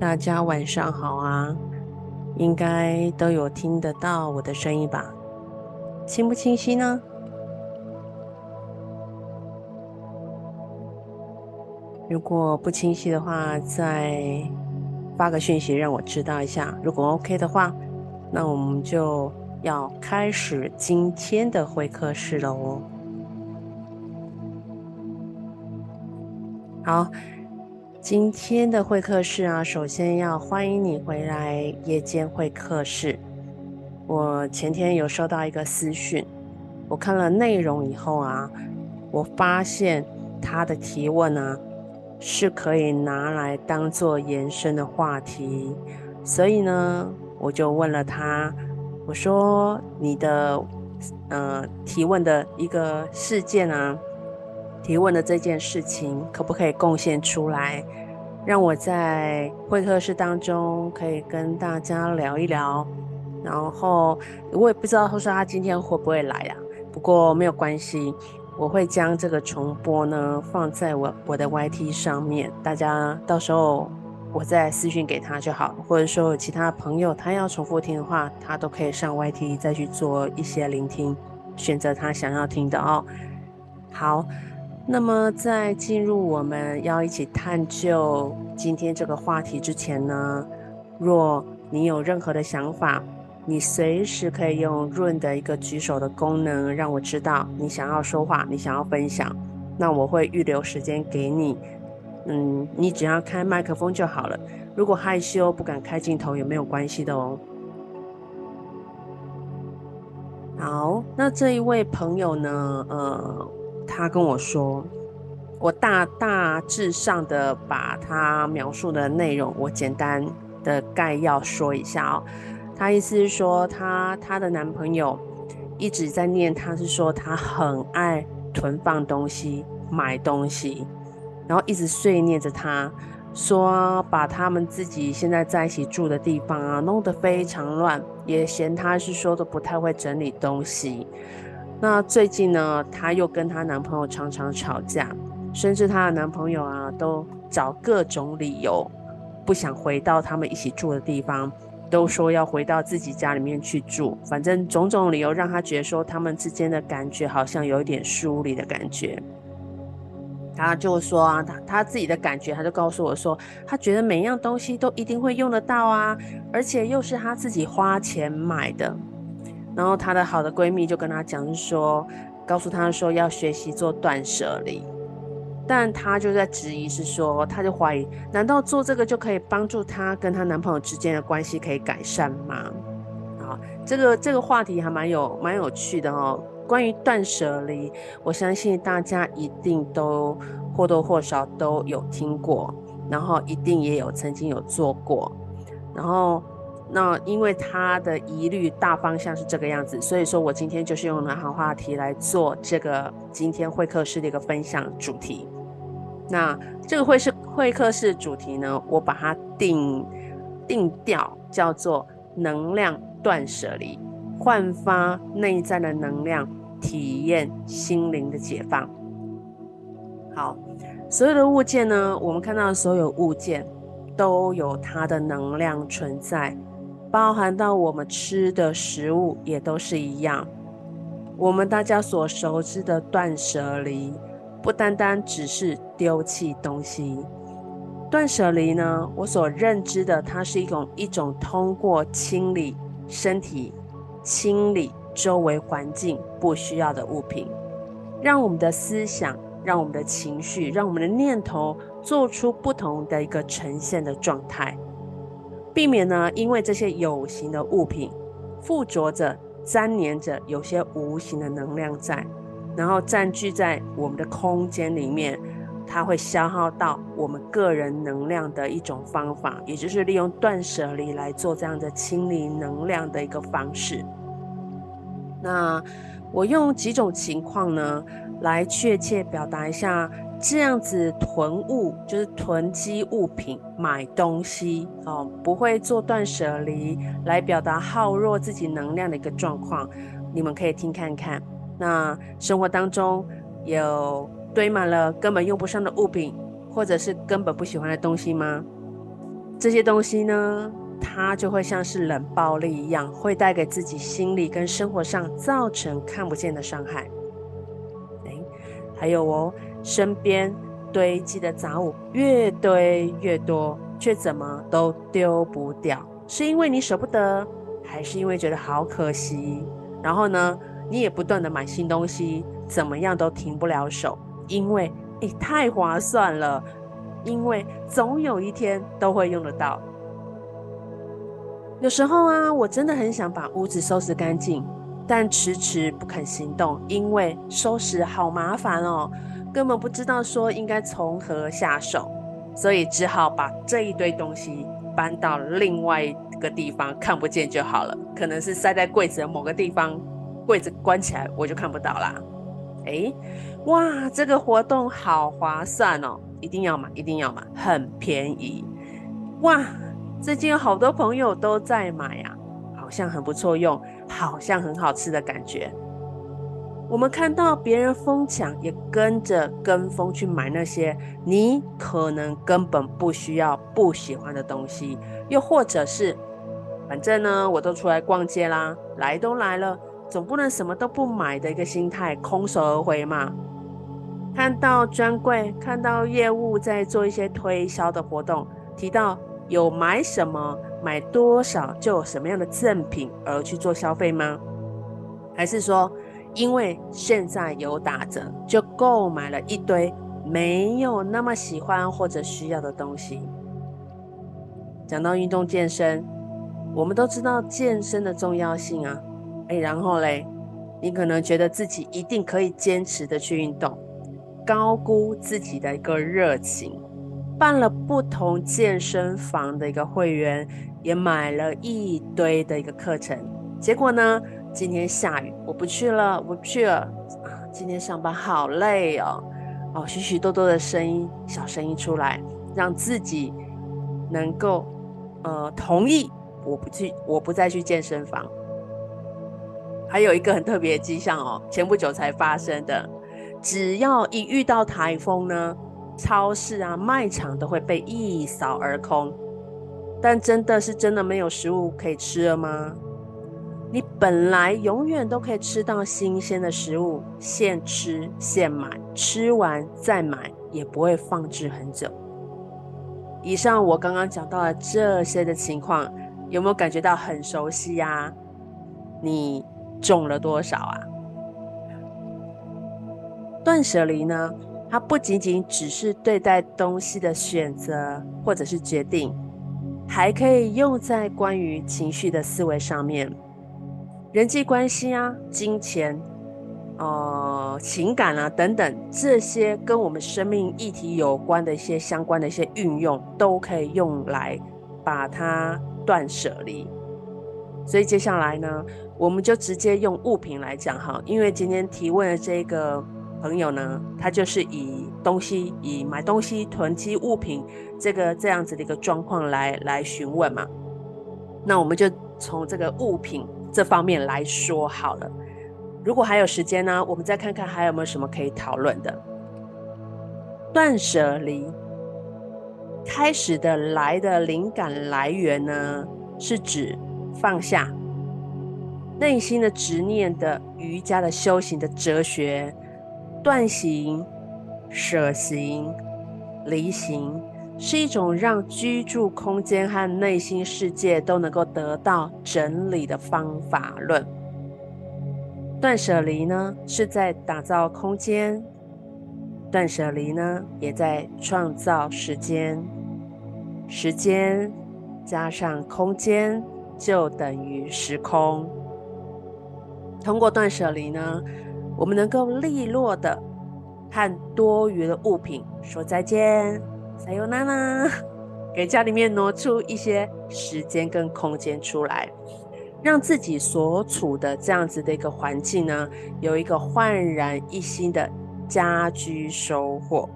大家晚上好啊，應該都有聽得到我的聲音吧？清不清晰呢？如果不清晰的話，再發個訊息讓我知道一下。如果 OK 的話，那我們就要開始今天的會客室了哦。好。今天的會客室啊，首先要歡迎你回來夜間會客室。我前天有收到一個私訊，我看了內容以後啊，我發現他的提問啊，是可以拿來當做延伸的話題，所以呢，我就問了他，我說你的，呃，提問的一個事件啊。提問的這件事情可不可以貢獻出來，讓我在會客室當中可以跟大家聊一聊。然後我也不知道他說他今天會不會來呀，不過沒有關係，我會將這個重播呢放在我我的 YT 上面，大家到時候我再私訊給他就好，或者說有其他朋友他要重複聽的話，他都可以上 YT 再去做一些聆聽，選擇他想要聽的哦。好。那麼，在進入我們要一起探究今天這個話題之前呢，若你有任何的想法，你隨時可以用潤的一個舉手的功能，讓我知道你想要說話，你想要分享。那我會預留時間給你，嗯，你只要開麥克風就好了。如果害羞不敢開鏡頭也沒有關係的哦。好，那這一位朋友呢，呃。他跟我說，我大大致上的把他描述的內容，我簡單的概要說一下哦。他意思是說他，他他的男朋友一直在念，他是說他很愛囤放東西、買東西，然後一直碎念着他，他說把他們自己現在在一起住的地方啊弄得非常亂，也嫌他是說的不太會整理東西。那最近呢，她又跟她男朋友常常吵架，甚至她的男朋友啊，都找各種理由，不想回到他們一起住的地方，都說要回到自己家裡面去住。反正種種理由，讓她覺得說他們之間的感覺好像有一點疏離的感覺。她就說啊，她她自己的感覺，她就告訴我說，她覺得每樣東西都一定會用得到啊，而且又是她自己花錢買的。然後她的好的閨蜜就跟她講說，告訴她說要學習做斷捨離，但她就在質疑，是說，她就懷疑，難道做這個就可以幫助她跟她男朋友之間的關係可以改善嗎？這個這個話題還蠻有蠻有趣的哦。關於斷捨離，我相信大家一定都或多或少都有聽過，然後一定也有曾經有做過，然後。那因為他的疑慮大方向是這個樣子，所以說我今天就是用了好話題來做這個今天會客室的一個分享主題。那這個會是會客室主題呢，我把它定定調叫做“能量斷捨離”，煥發內在的能量，體驗心靈的解放。好，所有的物件呢，我們看到的所有物件都有它的能量存在。包含到我們吃的食物也都是一樣。我們大家所熟知的斷捨離，不單單只是丟棄東西。斷捨離呢，我所認知的，它是一種一種通過清理身體、清理周圍環境不需要的物品，讓我們的思想、讓我們的情緒、讓我們的念頭做出不同的一個呈現的狀態。避免呢，因為這些有形的物品附着着、粘黏着，有些無形的能量在，然後佔據在我們的空間裡面，它會消耗到我們個人能量的一種方法，也就是利用斷捨離來做這樣的清理能量的一個方式。那我用幾種情況呢，來確切表達一下。這樣子囤物就是囤積物品、買東西哦，不會做斷捨離，來表達耗弱自己能量的一個狀況。你們可以聽看看。那生活當中有堆滿了根本用不上的物品，或者是根本不喜歡的東西嗎？這些東西呢，它就會像是冷暴力一樣，會帶給自己心理跟生活上造成看不見的傷害。哎、欸，還有哦。身邊堆積的雜物越堆越多，卻怎麼都丟不掉，是因為你舍不得，還是因為覺得好可惜？然後呢，你也不斷的買新東西，怎麼樣都停不了手，因為你太划算了，因為總有一天都會用得到。有時候啊，我真的很想把屋子收拾乾淨，但遲遲不肯行動，因為收拾好麻煩哦。根本不知道說應該從何下手，所以只好把這一堆東西搬到另外一個地方，看不見就好了。可能是塞在櫃子的某個地方，櫃子關起來我就看不到啦。誒，哇，這個活動好划算哦！一定要買，一定要買，很便宜。哇，最近好多朋友都在買啊，好像很不錯用，好像很好吃的感覺。我們看到別人瘋搶，也跟着跟風去買那些你可能根本不需要、不喜歡的東西，又或者是反正呢，我都出來逛街啦，來都來了，總不能什麼都不買的一個心態，空手而回嘛。看到專櫃，看到業務在做一些推銷的活動，提到有買什麼、買多少就有什麼樣的贈品而去做消費嗎？還是說，因為現在有打折，就購買了一堆沒有那麼喜歡或者需要的東西。講到運動健身，我們都知道健身的重要性啊。誒，然後嘞，你可能覺得自己一定可以堅持的去運動，高估自己的一個熱情。辦了不同健身房的一個會員，也買了一堆的一個課程，結果呢？今天下雨，我不去了，我不去了。今天上班好累哦，哦，許許多多的聲音，小聲音出來，讓自己能夠呃同意我不去，我不再去健身房。還有一個很特別的跡象哦，前不久才發生的，只要一遇到台風呢，超市啊賣場都會被一掃而空。但真的是真的沒有食物可以吃了嗎？你本來永遠都可以吃到新鮮的食物，現吃現買，吃完再買也不會放置很久。以上我剛剛講到了這些的情況，有沒有感覺到很熟悉呀？你中了多少啊？斷捨離呢？它不僅僅只是對待東西的選擇或者是決定，還可以用在關於情緒的思維上面。人際關係啊，金錢，呃，情感啊，等等，這些跟我們生命議題有關的一些相關的一些運用，都可以用來把它斷捨離。所以接下來呢，我們就直接用物品來講哈，因為今天提問的這個朋友呢，他就是以東西，以買東西囤積物品，這個這樣子的一個狀況來來詢問嘛。那我們就從這個物品，這方面來說好了，如果還有時間呢，我們再看看還有沒有什麼可以討論的。斷捨離，開始的來的靈感來源呢，是指放下內心的執念的瑜伽的修行的哲學，斷行、捨行、離行。是一種讓居住空間和內心世界都能夠得到整理的方法論。斷舍離呢，是在打造空間；斷舍離呢，也在創造時間。時間加上空間就等於時空。通過斷舍離呢，我們能夠利落的和多餘的物品說再見。撒由那拉，給家裡面挪出一些時間跟空間出來，讓自己所處的這樣子的一個環境呢，有一個煥然一新的家居收穫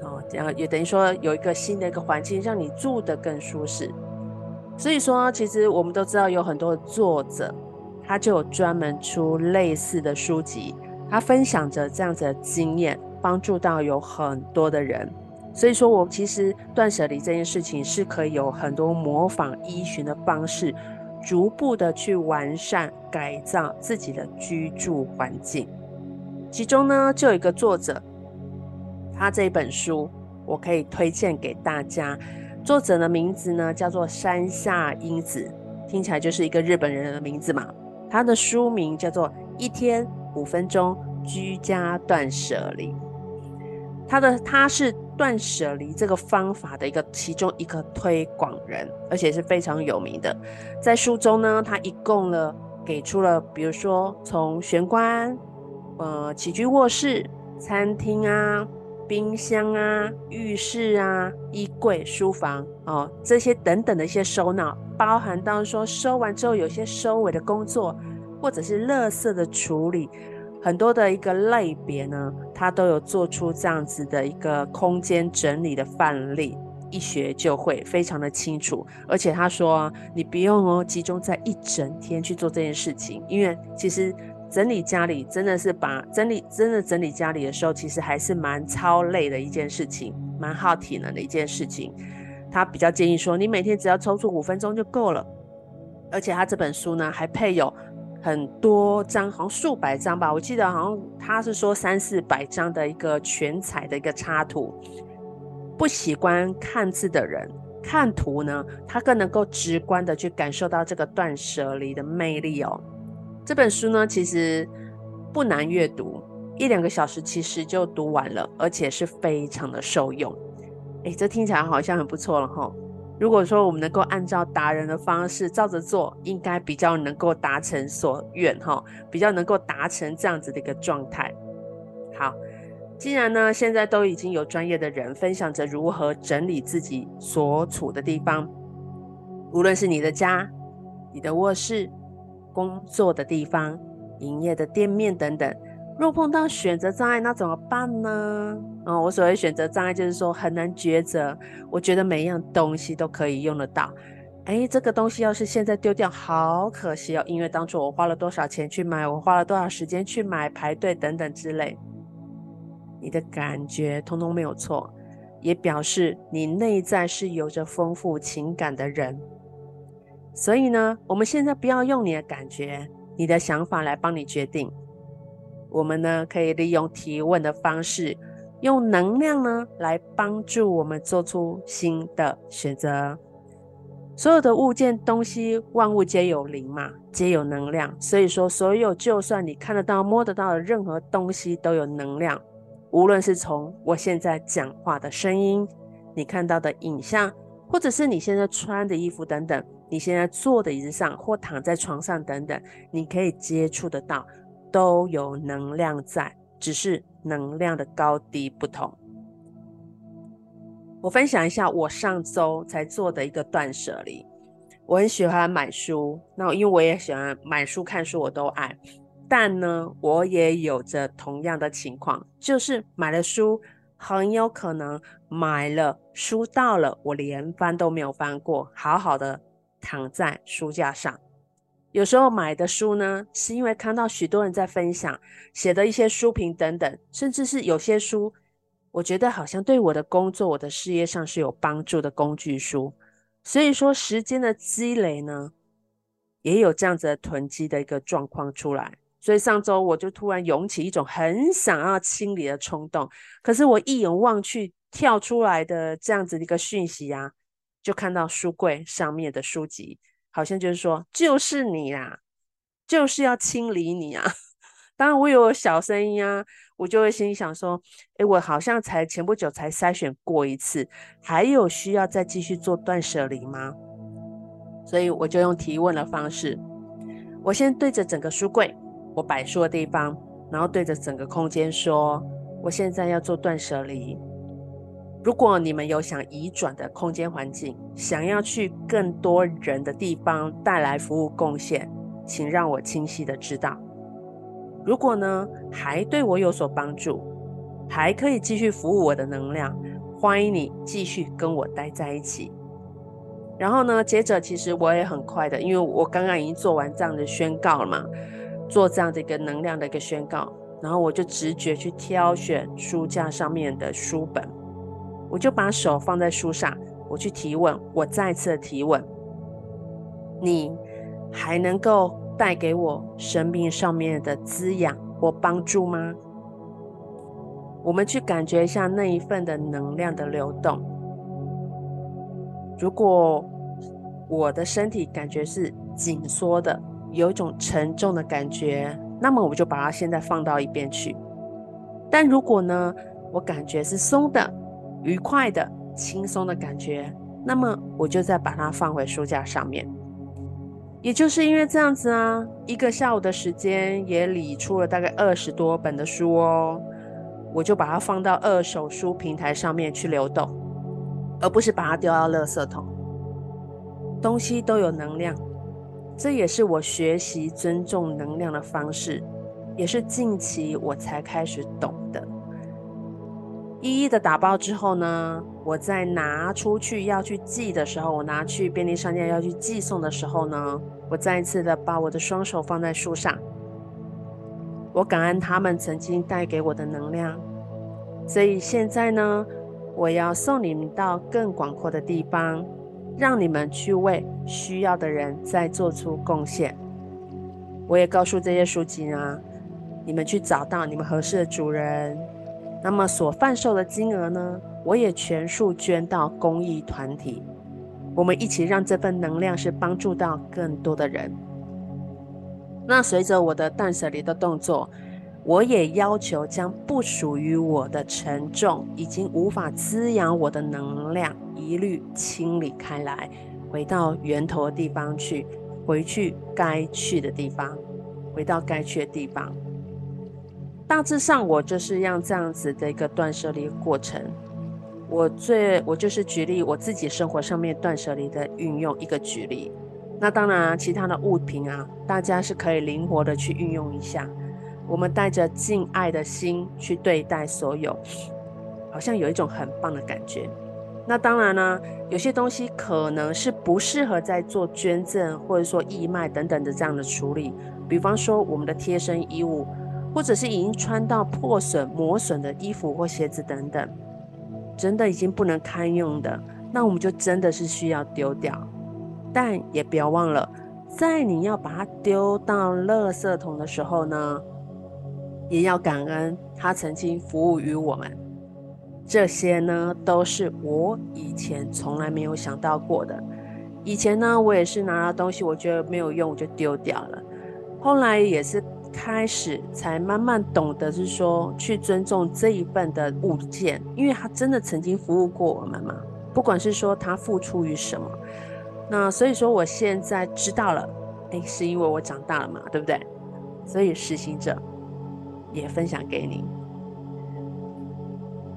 哦，這樣也等於說有一個新的一個環境，讓你住得更舒適。所以說，其實我們都知道有很多的作者，他就有專門出類似的書籍，他分享着這樣子的經驗，幫助到有很多的人。所以說，我其實斷捨離這件事情是可以有很多模仿、依循的方式，逐步的去完善、改造自己的居住環境。其中呢，就有一個作者，他這本書我可以推薦給大家。作者的名字呢叫做山下英子，聽起來就是一個日本人的名字嘛。他的書名叫做《一天五分鐘居家斷捨離》，他的他是。斷捨離這個方法的一個其中一個推廣人，而且是非常有名的。在書中呢，他一共呢給出了，比如說從玄關、呃起居臥室、餐廳啊、冰箱啊、浴室啊、衣櫃、書房哦、呃、這些等等的一些收納，包含到說收完之後有些收尾的工作，或者是垃圾的處理。很多的一個類別呢，他都有做出這樣子的一個空間整理的範例，一學就會，非常的清楚。而且他說，你不用哦，集中在一整天去做這件事情，因為其實整理家裡真的是把整理真的整理家裡的時候，其實還是蠻超累的一件事情，蠻耗體能的一件事情。他比較建議說，你每天只要抽出五分鐘就夠了。而且他這本書呢，還配有。很多張，好像數百張吧，我記得好像他是說三四百張的一個全彩的一個插圖。不喜歡看字的人看圖呢，他更能夠直觀的去感受到這個斷舍離的魅力哦。這本書呢，其實不難閱讀，一兩個小時其實就讀完了，而且是非常的受用。哎，這聽起來好像很不錯了哈。如果說我們能夠按照達人的方式照着做，應該比較能夠達成所願哈，比較能夠達成這樣子的一個狀態。好，既然呢現在都已經有專業的人分享着如何整理自己所處的地方，無論是你的家、你的臥室、工作的地方、營業的店面等等，若碰到選擇障礙，那怎麼辦呢？嗯，我所謂選擇障礙就是說很難抉擇。我覺得每一樣東西都可以用得到，哎，這個東西要是現在丟掉，好可惜哦，因為當初我花了多少錢去買，我花了多少時間去買，排隊等等之類。你的感覺通通沒有錯，也表示你內在是有着豐富情感的人。所以呢，我們現在不要用你的感覺、你的想法來幫你決定，我們呢可以利用提問的方式。用能量呢，來幫助我們做出新的選擇。所有的物件、東西，萬物皆有靈嘛，皆有能量。所以說，所有就算你看得到、摸得到的任何東西都有能量。無論是從我現在講話的聲音，你看到的影像，或者是你現在穿的衣服等等，你現在坐的椅子上或躺在床上等等，你可以接觸得到，都有能量在。只是能量的高低不同。我分享一下我上週才做的一個斷捨離。我很喜歡買書，那因為我也喜歡買書、看書，我都愛。但呢，我也有着同樣的情況，就是買了書，很有可能買了書到了，我連翻都沒有翻過，好好的躺在書架上。有時候買的書呢，是因為看到許多人在分享寫的一些書評等等，甚至是有些書，我覺得好像對我的工作、我的事業上是有幫助的工具書。所以說，時間的積累呢，也有這樣子的囤積的一個狀況出來。所以上周我就突然湧起一種很想要清理的衝動，可是我一眼望去跳出來的這樣子的一個訊息啊，就看到書櫃上面的書籍。好像就是說，就是你啦、啊，就是要清理你啊！ 當然，我有小聲音啊，我就會心裡想說，誒、欸、我好像才前不久才篩選過一次，還有需要再繼續做斷捨離嗎？所以我就用提問的方式，我先對着整個書櫃，我擺書的地方，然後對着整個空間說，我現在要做斷捨離。如果你們有想移轉的空間環境，想要去更多人的地方帶來服務貢獻，請讓我清晰的知道。如果呢，還對我有所幫助，還可以繼續服務我的能量，歡迎你繼續跟我待在一起。然後呢，接着其實我也很快的，因為我剛剛已經做完這樣的宣告了嘛，做這樣的一個能量的一個宣告，然後我就直覺去挑選書架上面的書本。我就把手放在書上，我去提問，我再次提問：你還能夠帶給我生命上面的滋養或幫助嗎？我們去感覺一下那一份的能量的流動。如果我的身體感覺是緊縮的，有一種沉重的感覺，那麼我就把它現在放到一邊去。但如果呢，我感覺是鬆的。愉快的、輕鬆的感覺，那麼我就再把它放回書架上面。也就是因為這樣子啊，一個下午的時間也理出了大概二十多本的書哦，我就把它放到二手書平台上面去流動，而不是把它丟到垃圾桶。東西都有能量，這也是我學習尊重能量的方式，也是近期我才開始懂的。一一的打包之後呢，我再拿出去要去寄的時候，我拿去便利商店要去寄送的時候呢，我再一次的把我的雙手放在書上，我感恩他們曾經帶給我的能量，所以現在呢，我要送你們到更廣闊的地方，讓你們去為需要的人再做出貢獻。我也告訴這些書籍啊，你們去找到你們合適的主人。那麼所販售的金額呢，我也全數捐到公益團體，我們一起讓這份能量是幫助到更多的人。那隨着我的斷捨離的動作，我也要求將不屬於我的沉重、已經無法滋養我的能量，一律清理開來，回到源頭的地方去，回去該去的地方，回到該去的地方。大致上，我就是讓這樣子的一個斷捨離過程。我最我就是舉例我自己生活上面斷捨離的運用一個舉例。那當然啊，其他的物品啊，大家是可以靈活的去運用一下。我們帶着敬愛的心去對待所有，好像有一種很棒的感覺。那當然呢，啊，有些東西可能是不適合在做捐贈或者說義賣等等的這樣的處理。比方說我們的貼身衣物。或者是已經穿到破損、磨損的衣服或鞋子等等，真的已經不能堪用的，那我們就真的是需要丟掉。但也不要忘了，在你要把它丟到垃圾桶的時候呢，也要感恩它曾經服務於我們。這些呢，都是我以前從來沒有想到過的。以前呢，我也是拿到東西，我覺得沒有用，我就丟掉了。後來也是。開始才慢慢懂得，是說去尊重這一份的物件，因為他真的曾經服務過我們嘛，不管是說他付出於什麼，那所以說我現在知道了，誒，是因為我長大了嘛，對不對？所以實行者也分享給你，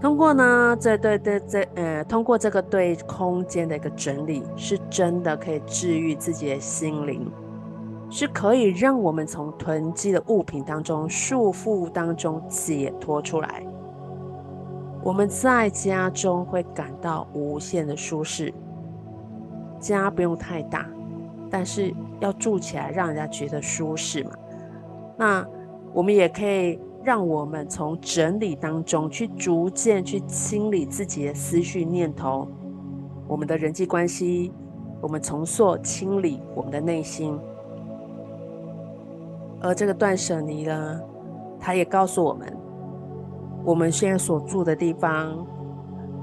通過呢，這對對這呃，通過這個對空間的一個整理，是真的可以治癒自己的心靈。是可以讓我們從囤積的物品當中、束縛當中解脫出來。我們在家中會感到無限的舒適。家不用太大，但是要住起來讓人家覺得舒適嘛。那我們也可以讓我們從整理當中去逐漸去清理自己的思緒、念頭，我們的人際關係，我們重塑、清理我們的內心。而這個斷捨離呢，它也告訴我們，我們現在所住的地方，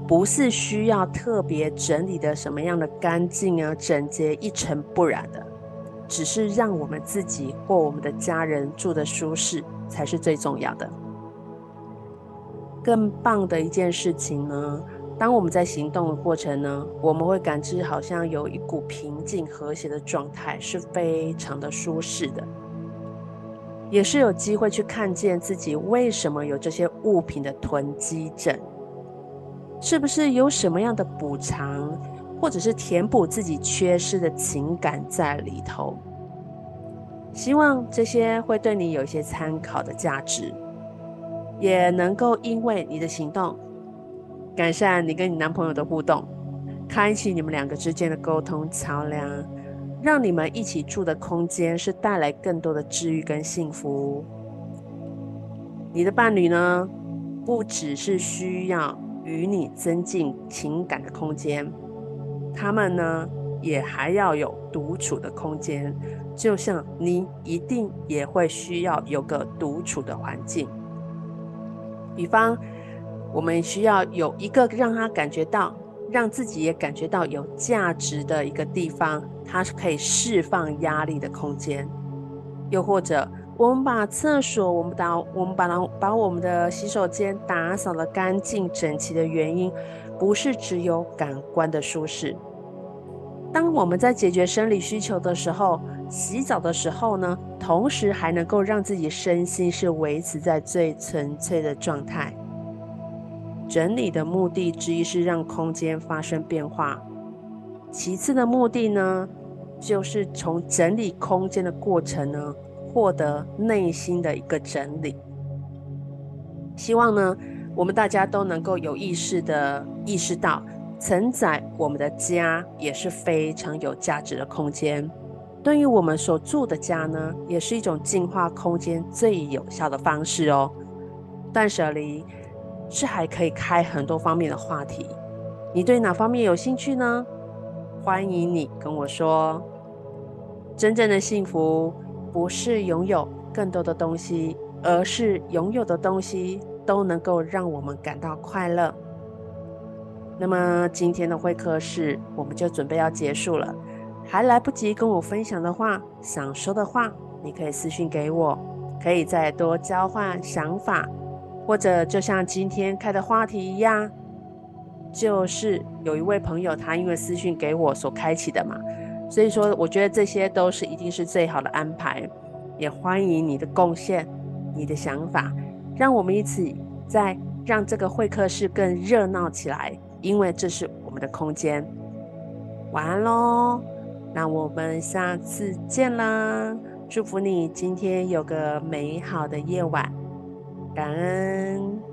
不是需要特別整理的什麼樣的乾淨啊、整潔、一塵不染的，只是讓我們自己或我們的家人住的舒適才是最重要的。更棒的一件事情呢，當我們在行動的過程呢，我們會感知好像有一股平靜和諧的狀態，是非常的舒適的。也是有機會去看見自己為什麼有這些物品的囤積症，是不是有什麼樣的補償，或者是填補自己缺失的情感在裡頭？希望這些會對你有一些參考的價值，也能夠因為你的行動，改善你跟你男朋友的互動，開啟你們兩個之間的溝通橋樑。讓你們一起住的空間，是帶來更多的治癒跟幸福。你的伴侶呢，不只是需要與你增進情感的空間，他們呢也還要有獨處的空間。就像你一定也會需要有個獨處的環境，比方，我們需要有一個讓他感覺到。讓自己也感覺到有價值的一個地方，它是可以釋放壓力的空間。又或者，我們把廁所我們打，我們把我們把它把我們的洗手間打掃的乾淨整齊的原因，不是只有感官的舒適。當我們在解決生理需求的時候，洗澡的時候呢，同時還能夠讓自己身心是維持在最純粹的狀態。整理的目的之一是讓空間發生變化，其次的目的呢，就是從整理空間的過程呢，獲得內心的一個整理。希望呢，我們大家都能夠有意識地意識到，承載我們的家也是非常有價值的空間，對於我們所住的家呢，也是一種淨化空間最有效的方式哦。斷捨離，是還可以開很多方面的話題，你對哪方面有興趣呢？歡迎你跟我說。真正的幸福不是擁有更多的東西，而是擁有的東西都能夠讓我們感到快樂。那麼今天的會客室我們就準備要結束了，還來不及跟我分享的話，想說的話你可以私訊給我，可以再多交換想法。或者就像今天開的話題一樣，就是有一位朋友他因為私訊給我所開啟的嘛，所以說我覺得這些都是一定是最好的安排，也歡迎你的貢獻、你的想法，讓我們一起再讓這個會客室更熱鬧起來，因為這是我們的空間。晚安嘍，那我們下次見啦，祝福你今天有個美好的夜晚。感恩。